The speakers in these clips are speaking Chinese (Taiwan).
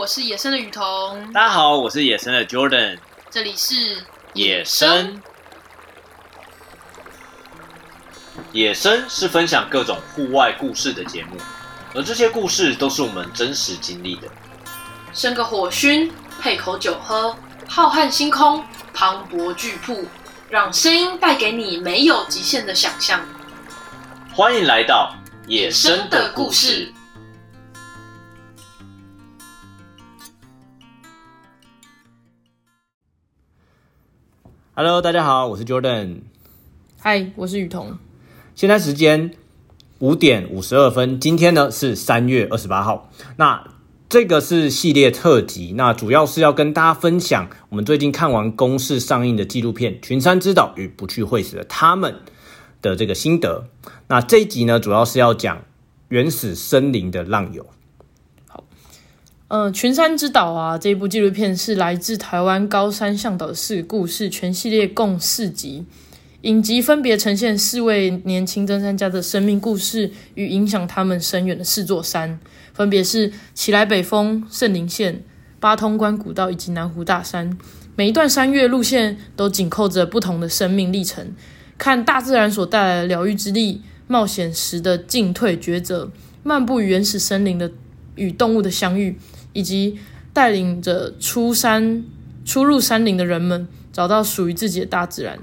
我是野生的雨桐，大家好，我是野生的 Jordan。這裡是野生，野生，野生是分享各種戶外故事的節目，而這些故事都是我們真實經歷的。生個火燻，配口酒喝，浩瀚星空，磅礴巨瀑，讓聲音帶給你沒有極限的想象。歡迎來到野生的故事。Hello，大家好，我是 Jordan。嗨，我是雨桐。現在時間五點五十二分，今天呢是三月二十八號。那這個是系列特輯，那主要是要跟大家分享我們最近看完公視上映的紀錄片《群山之島與不去會死的他們》的這個心得。那這一集呢，主要是要講原始森林的浪遊。嗯、呃，群山之島啊，這一部紀錄片是來自台灣高山嚮導的四個故事，全系列共四集，影集分別呈現四位年輕登山家的生命故事與影響他們深遠的四座山，分別是奇萊北峰、聖稜線、八通關古道以及南湖大山。每一段山岳路線都緊扣着不同的生命歷程，看大自然所帶來的療癒之力，冒險時的進退抉擇，漫步原始森林的與動物的相遇。以及帶領着出山、出入山林的人們找到屬於自己的大自然。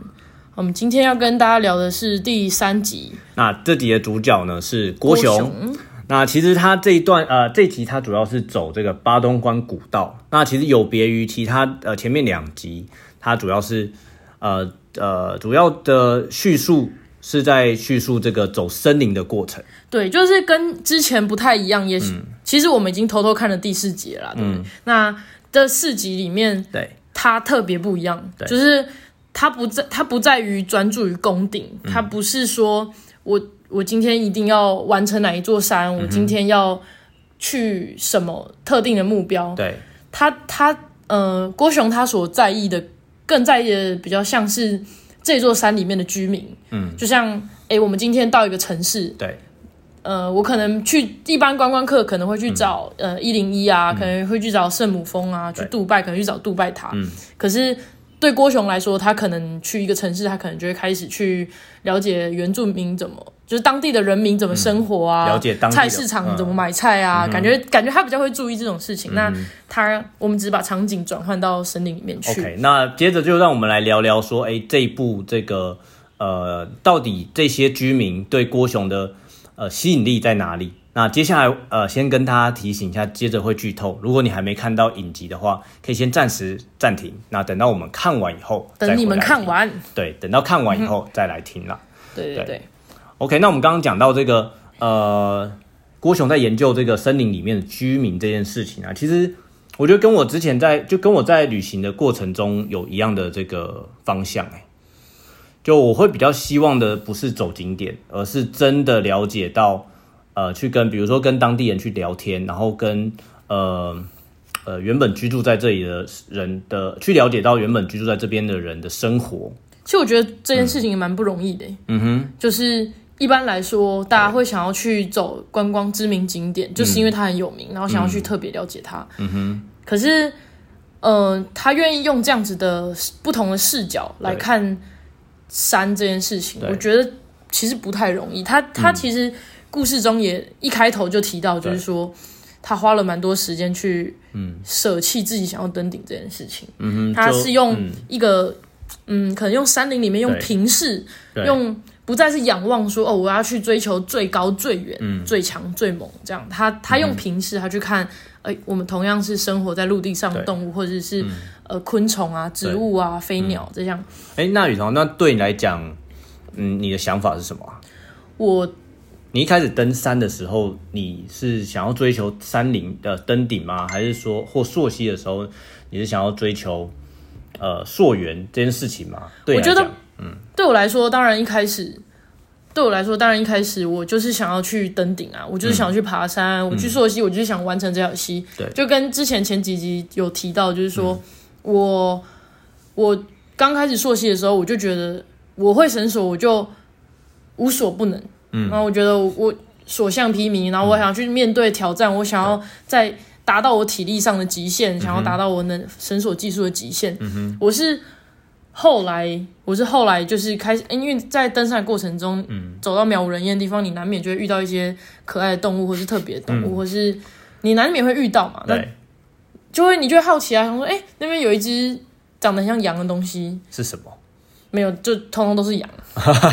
我們今天要跟大家聊的是第三集。那這集的主角呢，是郭熊。郭熊。那其實他這一段呃，這集他主要是走這個八通關古道。那其實有別於其他呃，前面兩集，他主要是呃呃主要的敘述。是在敘述這個走森林的過程。對，就是跟之前不太一樣。也是，嗯、其實我們已經偷偷看了第四集了啦。對，嗯，那這四集裡面，對它特別不一樣。對就是它不在，它不在於專注於攻頂。它不是說我，我、嗯、我今天一定要完成哪一座山，嗯、哼我今天要去什麼特定的目標。對，他他呃郭熊他所在意的，更在意的比較像是。這座山裡面的居民，嗯，就像哎、欸，我們今天到一個城市，對，呃，我可能去一般觀光客可能會去找，嗯、呃一零一啊，嗯、可能會去找聖母峰啊，去杜拜對可能去找杜拜塔，嗯、可是對郭熊來說，他可能去一個城市，他可能就會開始去了解原住民怎麼。就是當地的人民怎麼生活啊？嗯、了解當地的菜市場怎麼買菜啊？嗯、哼感覺感覺他比較會注意這種事情。嗯、哼那他，我們只是把場景轉換到森林裡面去。OK，那接着就讓我們來聊聊說，哎、欸，這一部這個呃，到底這些居民對郭熊的呃吸引力在哪裡？那接下來呃，先跟大家提醒一下，接着會劇透。如果你還沒看到影集的話，可以先暫時暫停，那等到我們看完以後，等你們看完，對，等到看完以後、嗯、哼再來聽了。對對對。對 OK，那我們剛剛講到這個，呃，郭熊在研究這個森林裡面的居民這件事情啊，其實我覺得跟我之前在就跟我在旅行的過程中有一樣的這個方向誒、欸，就我會比較希望的不是走景點，而是真的了解到，呃，去跟比如說跟當地人去聊天，然後跟呃呃原本居住在這裡的人的去了解到原本居住在這邊的人的生活。其實我覺得這件事情也蠻不容易的、欸嗯，嗯哼，就是。一般來說，大家會想要去走觀光知名景點，嗯、就是因為它很有名，然後想要去特別了解它。嗯、嗯哼、可是，呃，他願意用這樣子的不同的視角來看山這件事情，對我覺得其實不太容易。他、嗯、他其實故事中也一開頭就提到，就是說對他花了蠻多時間去，捨棄自己想要登頂這件事情。嗯哼、他是用一個，嗯，嗯可能用山林裡面用平視，用。不再是仰望說哦，我要去追求最高最、嗯、最遠、最強、最猛這樣。他他用平視他去看。哎、嗯欸，我們同樣是生活在陸地上的動物，對或者是、嗯、呃昆蟲啊、植物啊、對飛鳥這樣。哎、欸，那雨桐，那對你來講，嗯，你的想法是什麼？我，你一開始登山的時候，你是想要追求山林的登頂嗎？還是說，或溯溪的時候，你是想要追求呃溯源這件事情嗎？對我覺得，嗯，對我來說，當然一開始。對我來說，當然一開始我就是想要去登頂啊，我就是想去爬山。嗯、我去溯溪，我就是想完成這條溪。對，就跟之前前幾集有提到，就是說、嗯、我我剛開始溯溪的時候，我就覺得我會繩索，我就無所不能。嗯，然後我覺得我所向披靡，然後我想要去面對挑戰，嗯、我想要在達到我體力上的極限，嗯、哼想要達到我能繩索技術的極限。嗯哼我是。後來我是後來就是開始，因為在登山的過程中，走到渺無人煙的地方，你難免就會遇到一些可愛的動物，或是特別的動物，或是你難免會遇到嘛。對，就會你就會好奇啊，想說，哎，那邊有一隻長得像羊的東西是什麼？沒有，就通通都是羊，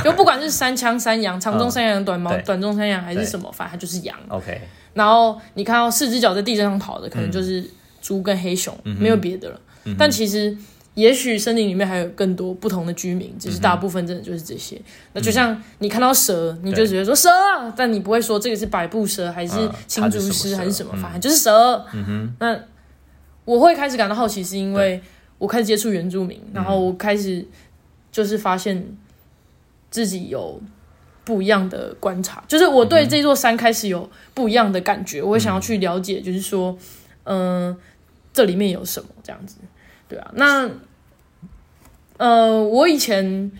就不管是山羌、山羊、長鬃山羊、短毛短鬃山羊還是什麼，反正它就是羊。OK。然後你看到四隻腳在地上跑的，可能就是豬跟黑熊，沒有別的了。但其實。也許森林裡面還有更多不同的居民，只是大部分真的就是這些。嗯、哼那就像你看到蛇，嗯、你就只會說對蛇、啊，但你不會說這個是百步蛇還是青竹絲、啊、是蛇還是什麼，反正、嗯、就是蛇。嗯哼，那我會開始感到好奇，是因為我開始接觸原住民，對然後我開始就是發現自己有不一樣的觀察，嗯、哼就是我對這座山開始有不一樣的感覺。嗯、哼我會想要去了解，就是說，嗯、呃，這裡面有什麼這樣子。對啊，那呃，我以前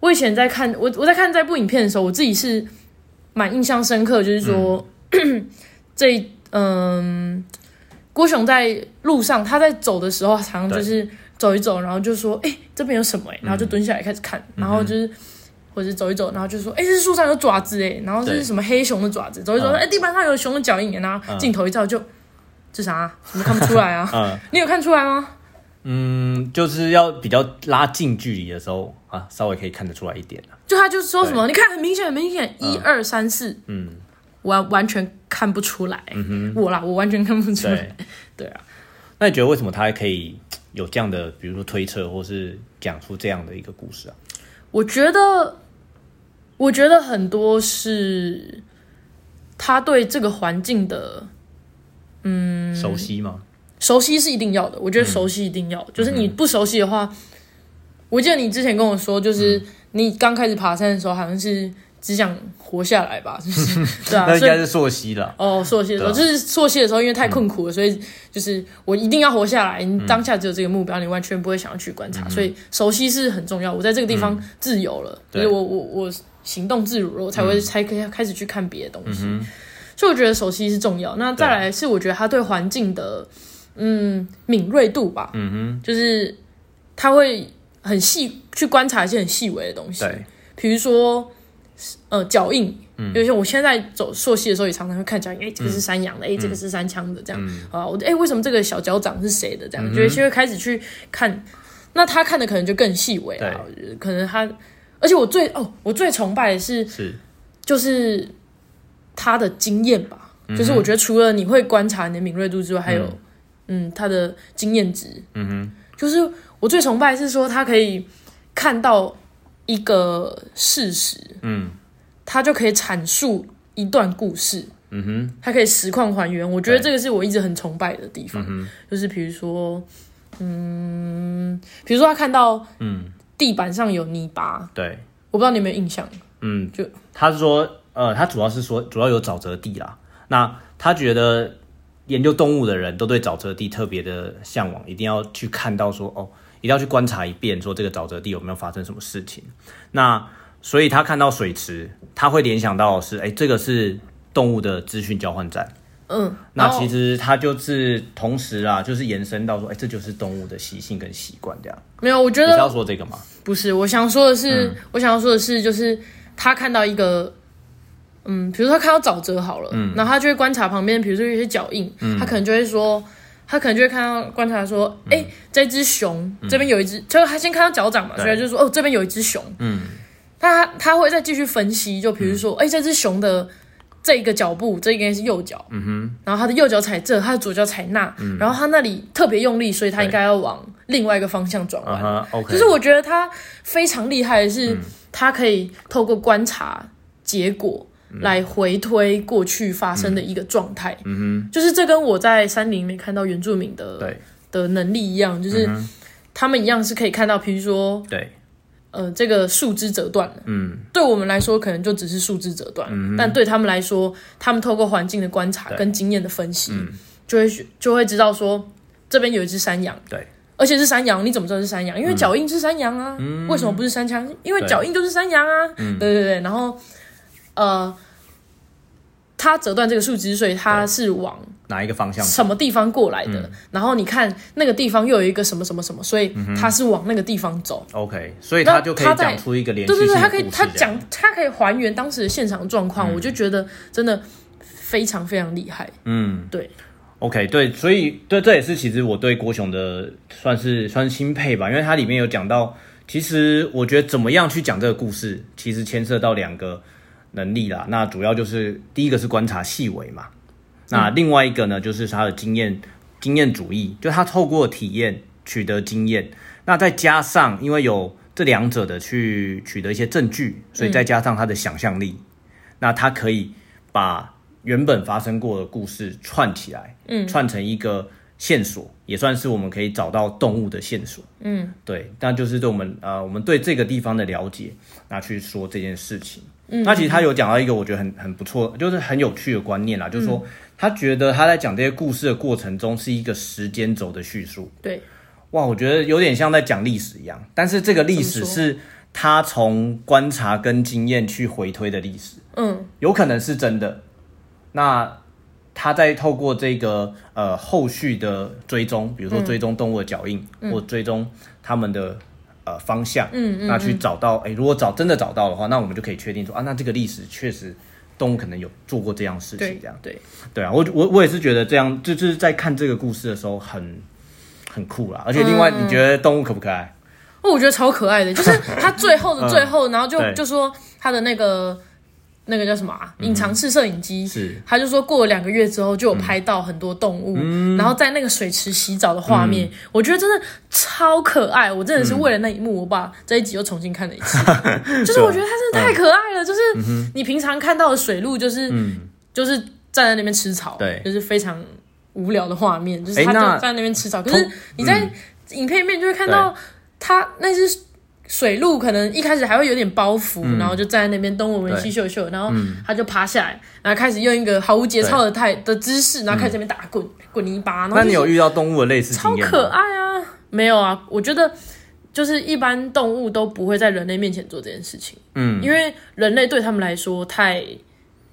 我以前在看我我在看這部影片的時候，我自己是蠻印象深刻，就是說這嗯， 這呃、郭熊在路上他在走的時候，常常就是走一走，然後就說哎、欸、這邊有什麼哎、欸，然後就蹲下來開始看，嗯、然後就是或者是走一走，然後就說哎、欸、這樹上有爪子誒、欸，然後這是什麼黑熊的爪子，對走一走哎、嗯欸、地板上有熊的腳印啊，鏡頭一照就這、嗯、啥怎、啊、麼看不出來啊， 嗯、你有看出來嗎？嗯，就是要比較拉近距離的時候啊，稍微可以看得出來一點、啊、就他就是說什麼，對你看很明顯，很明顯，一二三四，嗯，完、嗯、完全看不出來。嗯哼，我啦，我完全看不出來。對、對啊，那你覺得為什麼他還可以有這樣的，比如說推測，或是講出這樣的一個故事啊？我覺得，我覺得很多是他對這個環境的，嗯，熟悉嗎？熟悉是一定要的，我覺得熟悉一定要。就是你不熟悉的話，我記得你之前跟我說，就是你剛開始爬山的時候，好像是只想活下來吧？對啊，那應該是溯溪了。哦，溯溪的時候，就是溯溪的時候，因為太困苦了，所以就是我一定要活下來，你當下只有這個目標，你完全不會想要去觀察。所以熟悉是很重要。我在這個地方自由了，所以我我我行動自如了，我才會才可以開始去看別的東西。所以我覺得熟悉是重要。那再來是我覺得他對環境的。嗯，敏銳度吧，嗯哼，就是他會很細去觀察一些很細微的東西，對，比如說呃腳印，嗯，有些我現在走溯溪的時候也常常會看腳印，哎，這個是山羊的，哎，這個是山羌的，這樣啊，我哎，為什麼這個小腳掌是誰的？這樣，覺得就會開始去看，那他看的可能就更細微啦，可能他，而且我最哦，我最崇拜的是是就是他的經驗吧，就是我覺得除了你會觀察你的敏銳度之外，還有。嗯，他的經驗值，嗯哼，就是我最崇拜是說他可以看到一個事實，嗯，他就可以闡述一段故事，嗯哼，他可以實況還原，我覺得這個是我一直很崇拜的地方，嗯，就是比如說，嗯，比如說他看到，嗯，地板上有泥巴，嗯，對，我不知道你有沒有印象，嗯，就他是說，呃，他主要是說主要有沼澤地啦，那他覺得。研究動物的人都對沼澤地特別的嚮往，一定要去看到說哦，一定要去觀察一遍，說這個沼澤地有沒有發生什麼事情。那所以他看到水池，他會聯想到是欸，這個是動物的資訊交換站。嗯，那其實他就是同時啊，就是延伸到說，欸，這就是動物的習性跟習慣這樣。沒有，我覺得你是要說這個嗎？不是，我想說的是，嗯，我想要說的是，就是他看到一個。嗯，比如說他看到沼澤好了，嗯，然後他就會觀察旁邊，比如說有一些腳印，嗯，他可能就會說，他可能就會看到觀察說，哎，這隻熊這邊有一隻，就他先看到腳掌嘛，所以他就說，哦，這邊有一隻熊，嗯，他他會再繼續分析，就比如說，哎，這隻熊的這個腳步，這應該是右腳，嗯哼，然後他的右腳踩這，他的左腳踩那，嗯，然後他那裡特別用力，所以他應該要往另外一個方向轉彎，OK，就是我覺得他非常厲害的是，他可以透過觀察結果，來回推過去發生的一個狀態，嗯，嗯哼，就是這跟我在山林裡面看到原住民的對的能力一樣，就是他們一樣是可以看到，譬如說對，呃，這個樹枝折斷了，嗯，對我們來說可能就只是樹枝折斷，嗯、哼但對他們來說，他們透過環境的觀察跟經驗的分析，嗯、就會就會知道說這邊有一隻山羊，對，而且是山羊，你怎麼知道是山羊？因為腳印是山羊啊，嗯、為什麼不是山羌？因為腳印就是山羊啊，對對，對對對，然後。呃，他折斷這個樹枝，所以他是往哪一個方向，什麼地方過來的？嗯、然後你看那個地方又有一個什麼什麼什麼，所以他是往那個地方走。嗯、OK，所以他就可以講出一個連續性的故事。對對對，他可以他講，他可以還原當時的現場狀況。嗯、我就覺得真的非常非常厲害。嗯，對。OK，對，所以對，這也是其實我對郭熊的算是算是欽佩吧，因為他裡面有講到，其實我覺得怎麼樣去講這個故事，其實牽涉到兩個。能力啦，那主要就是第一個是觀察細微嘛，那另外一個呢，就是他的經驗經驗主義，就他透過體驗取得經驗，那再加上因為有這兩者的去取得一些證據，所以再加上他的想象力，嗯，那他可以把原本發生過的故事串起來，嗯，串成一個線索，也算是我們可以找到動物的線索，嗯，對，那就是對我們呃我們對這個地方的了解那去說這件事情。嗯、那其實他有講到一個我覺得很很不錯，就是很有趣的觀念啦，嗯、就是說他覺得他在講這些故事的過程中是一個時間軸的敘述。對，哇，我覺得有點像在講歷史一樣，但是這個歷史是他從觀察跟經驗去回推的歷史。嗯，有可能是真的。嗯、那他在透過這個呃後續的追蹤，比如說追蹤動物的腳印，嗯嗯、或追蹤他們的。呃，方向，嗯嗯，那、嗯、去找到，哎、欸，如果找真的找到的話，那我們就可以確定說啊，那這個歷史確實動物可能有做過這樣的事情，這樣，對，對，對啊，我我我也是覺得這樣，就是在看這個故事的時候很很酷啦。而且另外，嗯、你覺得動物可不可愛？哦，我覺得超可愛的，就是它最後的最後， 然後就對就說它的那個。那個叫什麼啊、隱藏式攝影機、嗯，是他就說過了兩個月之後，就有拍到很多動物，嗯、然後在那個水池洗澡的畫面，嗯、我覺得真的超可愛。我真的是為了那一幕，我把這一集又重新看了一次，嗯、 就是我覺得他真的太可愛了。嗯、就是你平常看到的水鹿，就是、嗯、就是站在那邊吃草，對，就是非常無聊的畫面，就是他就在那邊吃草。欸、可是你在影片裡面就會看到他、嗯、那是。水鹿可能一開始還會有點包袱，嗯、然後就站在那邊東聞聞西嗅嗅，對然後他就爬下來，然後開始用一個毫無節操的態的姿勢，對然後開始那邊打滾、嗯、滾泥巴。然後就是、那你有遇到動物的類似經驗嗎？超可愛啊！沒有啊，我覺得就是一般動物都不會在人類面前做這件事情，嗯，因為人類對他們來說太。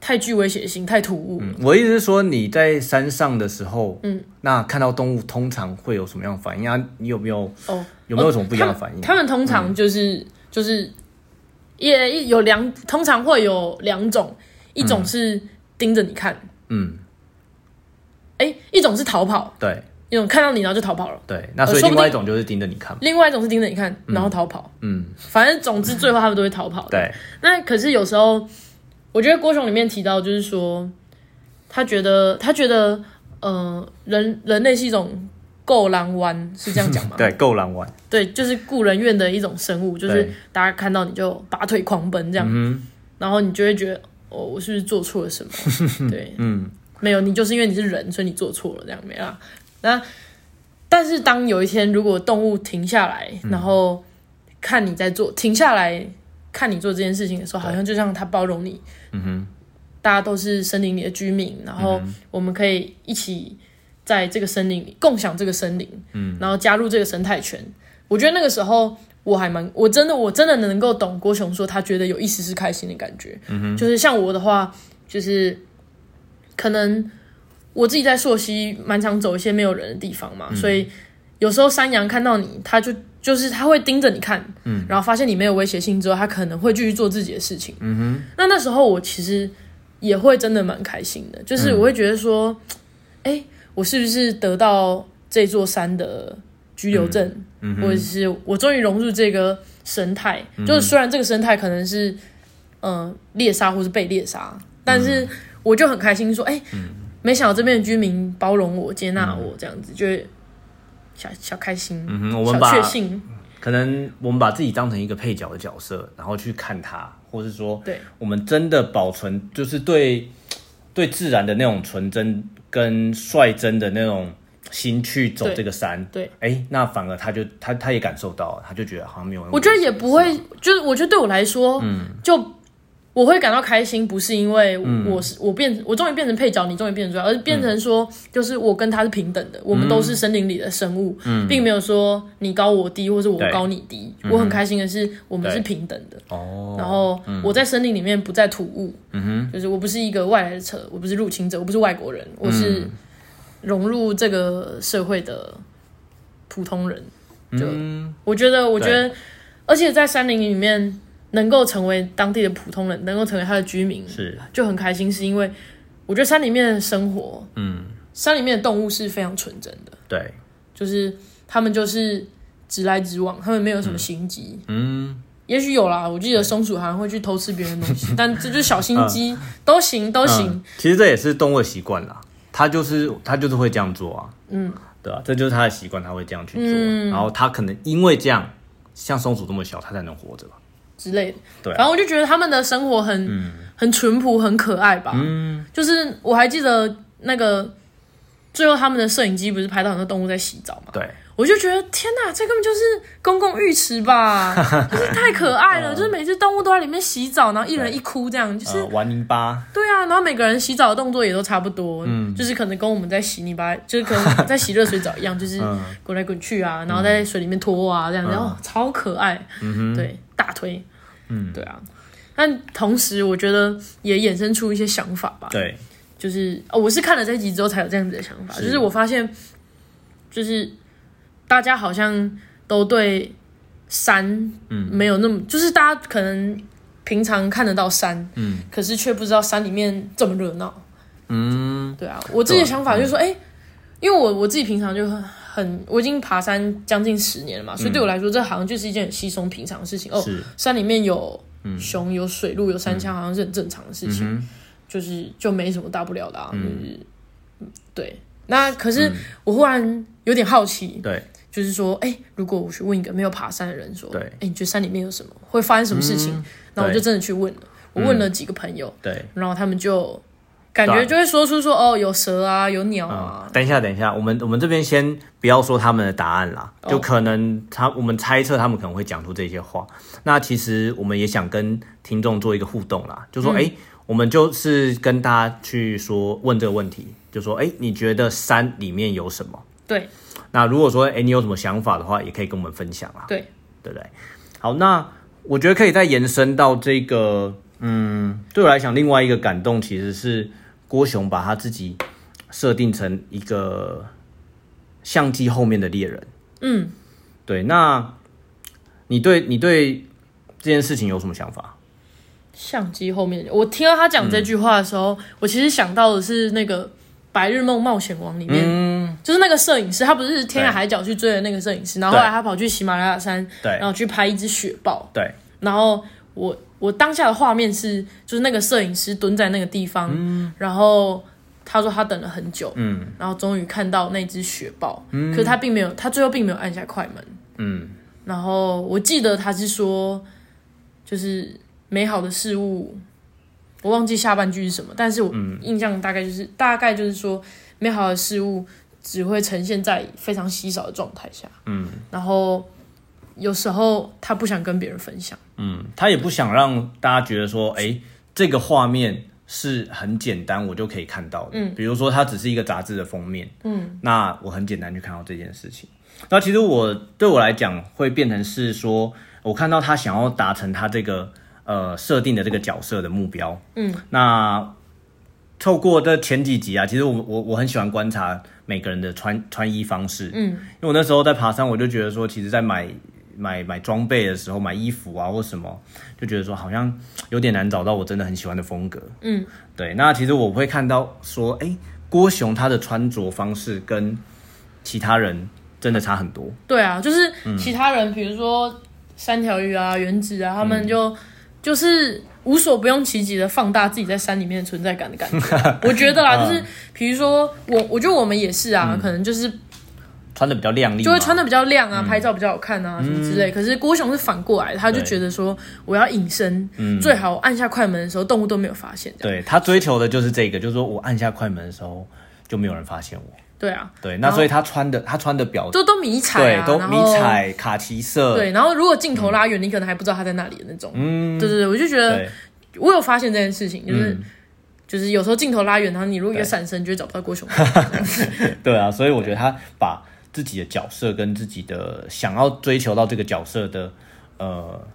太具威脅性，太突兀、嗯。我意思是說，你在山上的時候，嗯，那看到動物通常會有什麼樣的反應啊？你有沒有哦？有沒有什麼不一樣的反應？哦、他,們他們通常就是、嗯、就是也有兩，通常會有兩種，一種是盯着你看，嗯，誒、欸、一種是逃跑，對，一種看到你然後就逃跑了，對。那所以另外一種就是盯着你看，呃、另外一種是盯着你看然後逃跑，嗯，嗯，反正總之最後他們都會逃跑，對。那可是有時候。我覺得郭熊裡面提到，就是說，他覺得他覺得，呃，人人類是一種顧人怨，是這樣講嗎？ 對，顧人怨。對，就是顧人怨的一種生物，就是大家看到你就拔腿狂奔這樣，對然後你就會覺得，哦，我是不是做錯了什麼？ 對，嗯，沒有，你就是因為你是人，所以你做錯了這樣沒了。那但是當有一天如果動物停下來，然後看你在做停下來。看你做這件事情的時候，對好像就像他包容你。嗯哼，大家都是森林裡的居民，然後我們可以一起在這個森林裡共享這個森林，嗯，然後加入這個生態圈。我覺得那個時候我還蠻，我真的我真的能夠懂郭熊說他覺得有意思是開心的感覺。嗯哼，就是像我的話，就是可能我自己在溯溪蠻常走一些沒有人的地方嘛，嗯、所以。有時候山羊看到你，它就就是它會盯着你看，嗯，然後發現你沒有威脅性之後，它可能會繼續做自己的事情，嗯哼。那那時候我其實也會真的蠻開心的，就是我會覺得說，哎、嗯，我是不是得到這座山的居留證、嗯？嗯，或是我終於融入這個生態，嗯、哼就是雖然這個生態可能是嗯、呃、獵殺或是被獵殺，但是我就很開心說，哎，嗯、哼沒想到這邊的居民包容我、接納我，嗯、哼這樣子就。小小開心，嗯哼，我們把小確幸，可能我們把自己當成一個配角的角色，然後去看他，或是說，對，我們真的保存就是對對自然的那種純真跟率真的那種心去走這個山，對，哎、欸，那反而他就他他也感受到了，他就覺得好像沒有，我覺得也不會，是嗎？就是我覺得對我來說，嗯，就。我會感到開心，不是因為我是我變，我終於變成配角，你終於變成主角，而是變成說，就是我跟他是平等的，我們都是森林裡的生物，並沒有說你高我低，或者我高你低。我很開心的是，我們是平等的。然後我在森林裡面不再突兀，就是我不是一個外來者，我不是入侵者，我不是外國人，我是融入這個社會的普通人。就我覺得，我覺得，而且在山林裡面。能夠成為當地的普通人，能夠成為他的居民，是就很開心。是因為我覺得山裡面的生活，嗯，山裡面的動物是非常純真的，對，就是他們就是直來直往，他們沒有什麼心機、嗯，嗯，也許有啦。我記得松鼠好像會去偷吃別人的東西，對但這就是小心機 都行都行、嗯。其實這也是動物的習慣啦，它就是它就是會這樣做啊，嗯，對啊，這就是它的習慣，它會這樣去做。嗯、然後它可能因為這樣，像松鼠這麼小，它才能活着。之類的，然後、啊、我就覺得他們的生活很、嗯、很淳樸，很可愛吧。嗯，就是我還記得那個。最後，他們的攝影機不是拍到很多動物在洗澡嗎？對，我就覺得天哪，這根本就是公共浴池吧！就是太可愛了，就是每隻動物都在裡面洗澡，然後一人一窟這樣，就是玩泥巴。對啊，然後每個人洗澡的動作也都差不多，就是可能跟我們在洗泥巴，就是可能在洗熱水澡一樣，就是滾來滾去啊，然後在水裡面拖啊這樣，然後超可愛。對，大推，嗯，對啊。但同時，我覺得也衍生出一些想法吧。對。就是哦，我是看了這集之後才有這樣子的想法。是就是我發現，就是大家好像都對山沒有那麼，嗯、就是大家可能平常看得到山，嗯,可是卻不知道山裡面這麼熱鬧。嗯，對啊，我自己的想法就是說，哎、嗯欸，因為我我自己平常就很我已經爬山將近十年了嘛，所以對我來說，這好像就是一件很稀鬆平常的事情。嗯、哦，是山裡面有熊，有水鹿，有山羌、嗯、好像是很正常的事情。嗯就是就沒什麼大不了的啊、嗯就是，對，那可是我忽然有點好奇，嗯、對，就是說，哎、欸，如果我去問一個沒有爬山的人說，對，哎、欸，你覺得山裡面有什麼會發生什麼事情？那、嗯、我就真的去問了，我問了幾個朋友，對、嗯，然後他們就感覺就會說出說，對、哦，有蛇啊，有鳥啊、嗯。等一下，等一下，我們我們這邊先不要說他們的答案啦，哦、就可能他我們猜測他們可能會講出這些話。那其實我們也想跟聽眾做一個互動啦，就說，哎、嗯。我們就是跟大家去說問這個問題，就說哎，你覺得山裡面有什麼？對。那如果說哎，你有什麼想法的話，也可以跟我們分享啊。對，對不對？好，那我覺得可以再延伸到這個，嗯，對我來講，另外一個感動其實是郭熊把他自己設定成一個相機後面的獵人。嗯，對。那，你對你對這件事情有什麼想法？相機後面，我聽到他講這句話的時候，嗯、我其實想到的是那個《白日夢冒險王》裡面，嗯、就是那個攝影師，他不是天涯海角去追的那個攝影師，對然後後來他跑去喜馬拉雅山，對然後去拍一隻雪豹。對，然後我我當下的畫面是，就是那個攝影師蹲在那個地方，嗯、然後他說他等了很久，嗯，然後終於看到那隻雪豹，嗯、可是他並沒有，他最後並沒有按下快門，嗯，然後我記得他是說，就是。美好的事物，我忘記下半句是什麼，但是我印象大概就是、嗯、大概就是說，美好的事物只會呈現在非常稀少的狀態下。嗯，然後有時候他不想跟別人分享，嗯，他也不想讓大家覺得說，誒對、欸，這個畫面是很簡單，我就可以看到的。嗯，比如說它只是一個雜誌的封面，嗯，那我很簡單去看到這件事情。那其實我對我來講，會變成是說，我看到他想要達成他這個。呃，設定的這個角色的目標，嗯，那透過這前幾集啊，其實我我我很喜歡觀察每個人的穿穿衣方式，嗯，因為我那時候在爬山，我就覺得說，其實，在買買買裝備的時候，買衣服啊或什麼，就覺得說好像有點難找到我真的很喜歡的風格，嗯，對。那其實我會看到說，誒、欸，郭熊他的穿着方式跟其他人真的差很多，對啊，就是、嗯、其他人，比如說三條魚啊、原子啊，他們就。嗯就是無所不用其極的放大自己在山裡面的存在感的感覺， 我覺得啦，就是比如說我，我覺得我們也是啊，嗯、可能就是穿的比較靚麗，就會穿的比較亮啊，嗯、拍照比較好看啊，嗯、什麼之類。可是郭熊是反過來，他就覺得說我要隱身，對最好按下快門的時候動物都沒有發現。對，他追求的就是這個，以就是說我按下快門的時候就沒有人發現我。對啊，對，那所以他穿的他穿的表都都迷彩，對，都迷彩卡其色。對，然後如果鏡頭拉遠，你可能還不知道他在哪裡的那種。嗯，對對對，我就覺得我有發現這件事情，就是就是有時候鏡頭拉遠，然後你如果一個閃身，就會找不到郭熊。對啊，所以我覺得他把自己的角色跟自己的想要追求到這個角色的呃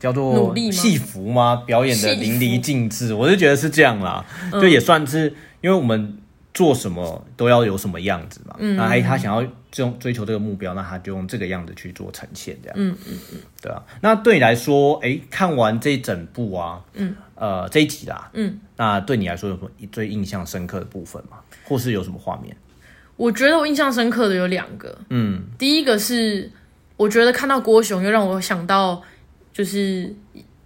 叫做努戲服嗎？表演的淋漓盡致，我就覺得是這樣啦，就也算是因為我們。做什麼都要有什麼樣子嘛，嗯、那、欸、他想要這種追求這個目標，嗯、那他就用這個樣子去做呈現，這樣，嗯嗯嗯，嗯對啊。那對你來說，誒、欸，看完這一整部啊，嗯，呃，這一集啦，嗯，那對你來說有什麼最印象深刻的部分嗎？或是有什麼畫面？我覺得我印象深刻的有兩個，嗯，第一個是我覺得看到郭熊，又讓我想到就是，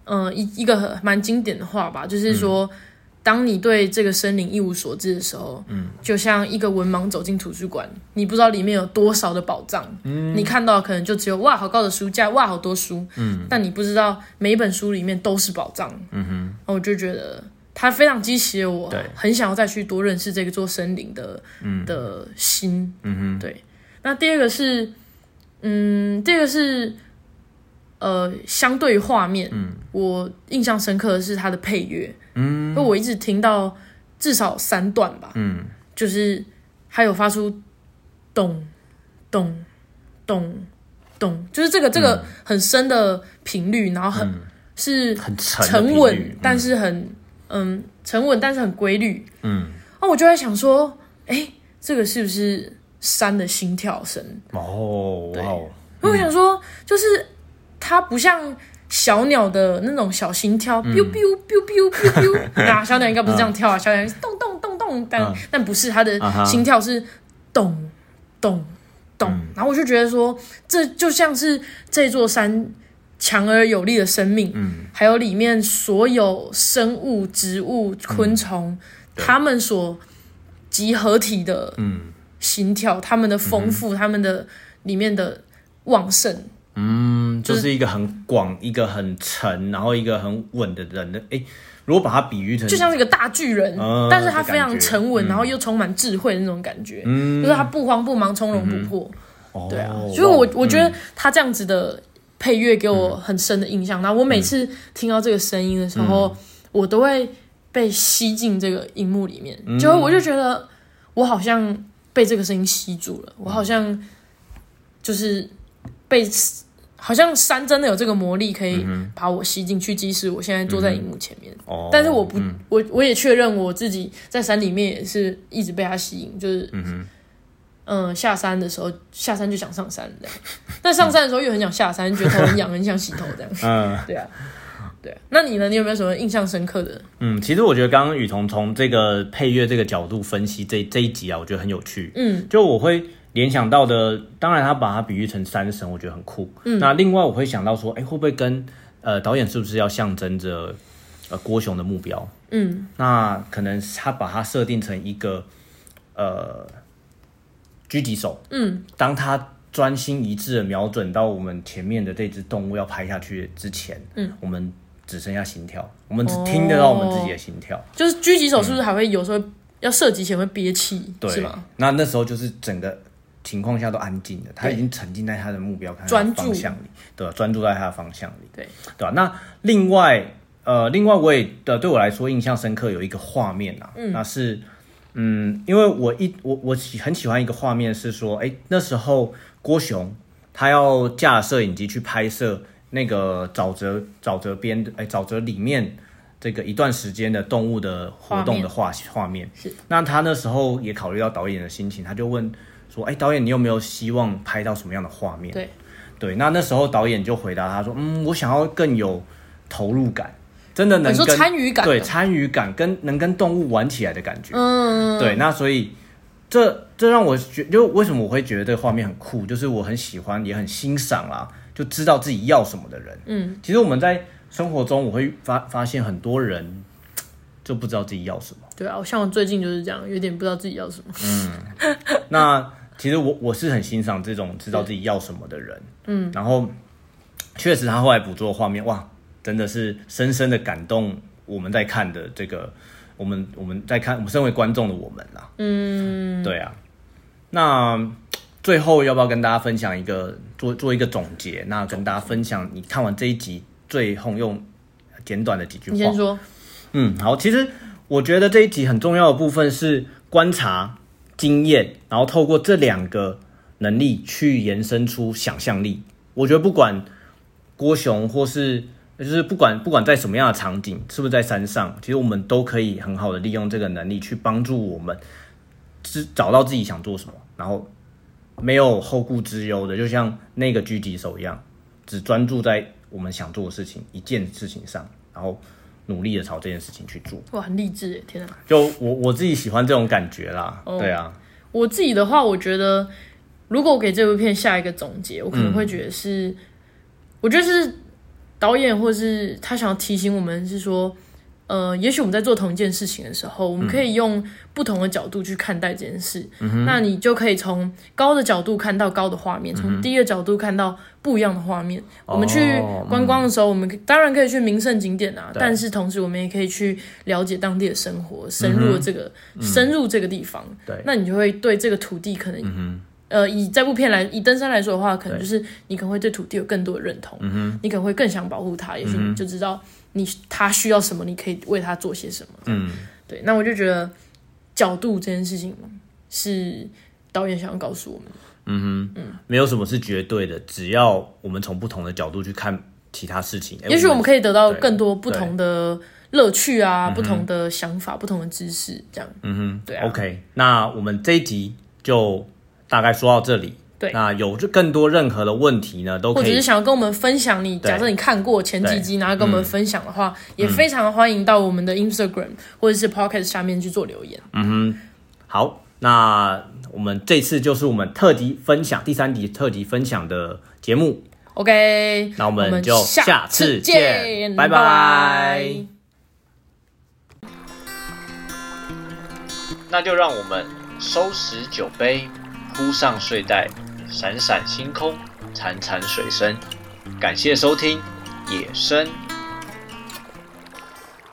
嗯、呃，一一個蠻經典的話吧，就是說。嗯當你對這個森林一無所知的時候，嗯，就像一個文盲走進圖書館，你不知道裡面有多少的寶藏，嗯，你看到可能就只有哇，好高的書架，哇，好多書，嗯，但你不知道每一本書裡面都是寶藏，嗯哼，我就覺得它非常激起了我對很想要再去多認識這個做森林的，嗯、的心，嗯哼，對。那第二個是，嗯，第二個是。呃，相對畫面，我印象深刻的是它的配樂，因為我一直聽到至少三段吧，嗯，就是還有發出咚咚咚咚，就是這個這個很深的頻率，然後很是很沉穩，但是很嗯沉穩，但是很規律，嗯，那我就在想說，哎，這個是不是山的心跳聲？哦，對，那我想說就是。它不像小鳥的那種小心跳，biu biu biu biu biu，啊，小鳥應該不是這樣跳啊，小鳥應該是咚咚咚咚，但、啊、但不是，它的心跳是咚咚咚。嗯、然後我就覺得說，這就像是這座山強而有力的生命，嗯、還有裡面所有生物、植物、昆蟲，嗯、它們所集合體的心跳，嗯、它們的豐富，嗯、它們的裡面的旺盛。嗯，就是、就是一個很廣、一個很沉，然後一個很穩的人的、欸。如果把它比喻成，就像是一個大巨人，呃、但是他非常沉穩，嗯、然後又充滿智慧的那種感覺。嗯，就是他不慌不忙、從容不迫。哦、嗯，對啊，哦、所以我，我覺得他這樣子的配樂給我很深的印象。嗯、然後我每次聽到這個聲音的時候，嗯、我都會被吸進這個熒幕裡面，嗯、就我就覺得我好像被這個聲音吸住了，我好像就是。被，好像山真的有這個魔力，可以把我吸進去，即使我現在坐在熒幕前面。嗯哦、但是我不，我我也確認我自己在山裡面也是一直被它吸引，就是，嗯，哼嗯，下山的時候下山就想上山，這樣，但上山的時候又很想下山，嗯、覺得頭很癢，很想洗頭， 這樣。嗯，對啊，對啊。那你呢？你有沒有什麼印象深刻的？嗯，其實我覺得剛剛雨桐從這個配樂這個角度分析這這一集啊，我覺得很有趣。嗯，就我會。聯想到的，當然他把它比喻成山神，我覺得很酷。嗯，那另外我會想到說，哎、欸，會不會跟呃導演是不是要象徵着呃郭熊的目標？嗯，那可能他把它設定成一個呃狙擊手。嗯，當他專心一致的瞄準到我們前面的這隻動物要拍下去之前，嗯，我們只剩下心跳，我們只聽得到我們自己的心跳。哦、就是狙擊手是不是還會有時候、嗯、要射擊前會憋氣？對，是嗎？那那時候就是整個。情況下都安靜的，他已經沉浸在他的目標對看方向裡，注對吧？專注在他的方向裡，對對、啊、那另外，呃，另外我也的對,對我來說印象深刻有一個畫面啊，嗯、那是嗯，因為我一我我喜很喜歡一個畫面是說，哎，那時候郭熊他要架攝影機去拍攝那個沼澤沼澤邊的哎沼澤裡面這個一段時間的動物的活動的畫畫面,畫面，是那他那時候也考慮到導演的心情，他就問。說，哎，導演，你有沒有希望拍到什麼樣的畫面？對對，那那時候導演就回答他說，嗯，我想要更有投入感，真的能跟，你說參與感，對，參與感，跟能跟動物玩起來的感覺。嗯，對，那所以這這讓我覺，就為什麼我會覺得畫面很酷，就是我很喜歡，也很欣賞啦，就知道自己要什麼的人。嗯，其實我們在生活中，我會發發現很多人就不知道自己要什麼。對啊，像我最近就是這樣，有點不知道自己要什麼。嗯，那。 其實我我是很欣賞這種知道自己要什麼的人，嗯，然後確實他後來捕捉的畫面，哇，真的是深深的感動我們在看的這個，我們我們在看我們身為觀眾的我們啦，嗯，對啊。那最後要不要跟大家分享一個做做一個總結？那跟大家分享你看完這一集最後用簡短的幾句話。你先說，嗯，好，其實我覺得這一集很重要的部分是觀察。經驗，然後透過這兩個能力去延伸出想象力。我覺得不管郭熊或是就是不管不管在什麼樣的場景，是不是在山上，其實我們都可以很好的利用這個能力去幫助我們，找到自己想做什麼，然後沒有後顧之憂的，就像那個狙擊手一樣，只專注在我們想做的事情一件事情上，然後。努力的朝這件事情去做，哇，很勵志耶，天哪，就我我自己喜歡這種感覺啦。Oh, 對啊，我自己的話，我覺得如果我給這部片下一個總結，我可能會覺得是，嗯、我覺得是導演或是他想要提醒我們是說，呃，也許我們在做同一件事情的時候，我們可以用不同的角度去看待這件事。那你就可以從高的角度看到高的畫面，從低的角度看到不一樣的畫面。我們去觀光的時候，我們當然可以去名勝景點啊，但是同時我們也可以去了解當地的生活，深入這個深入這個地方。對，那你就會對這個土地可能，呃，以這部片來以登山來說的話，可能就是你可能會對土地有更多的認同，你可能會更想保護它。也許你就知道。你他需要什麼，你可以為他做些什麼。嗯，對。那我就覺得角度這件事情是導演想要告訴我們。嗯哼，嗯，沒有什麼是絕對的，只要我們從不同的角度去看其他事情，欸、也許我們可以得到更多不同的樂趣啊，嗯哼，不同的想法，不同的知識，這樣。嗯哼，對、啊。OK，那我們這一集就大概說到這裡。對那有這更多任何的問題呢，都可以。或者是想要跟我們分享你，你對假設你看過前幾集，對然後跟我們分享的話，嗯、也非常歡迎到我們的 Instagram、嗯、或者是 Podcast 下面去做留言。嗯哼，好，那我們這次就是我們特輯分享第三集特輯分享的節目。OK，那我們就下次見，拜拜。那就讓我們收拾酒杯，鋪上睡袋。閃閃星空，潺潺水聲。感謝收聽《野生》。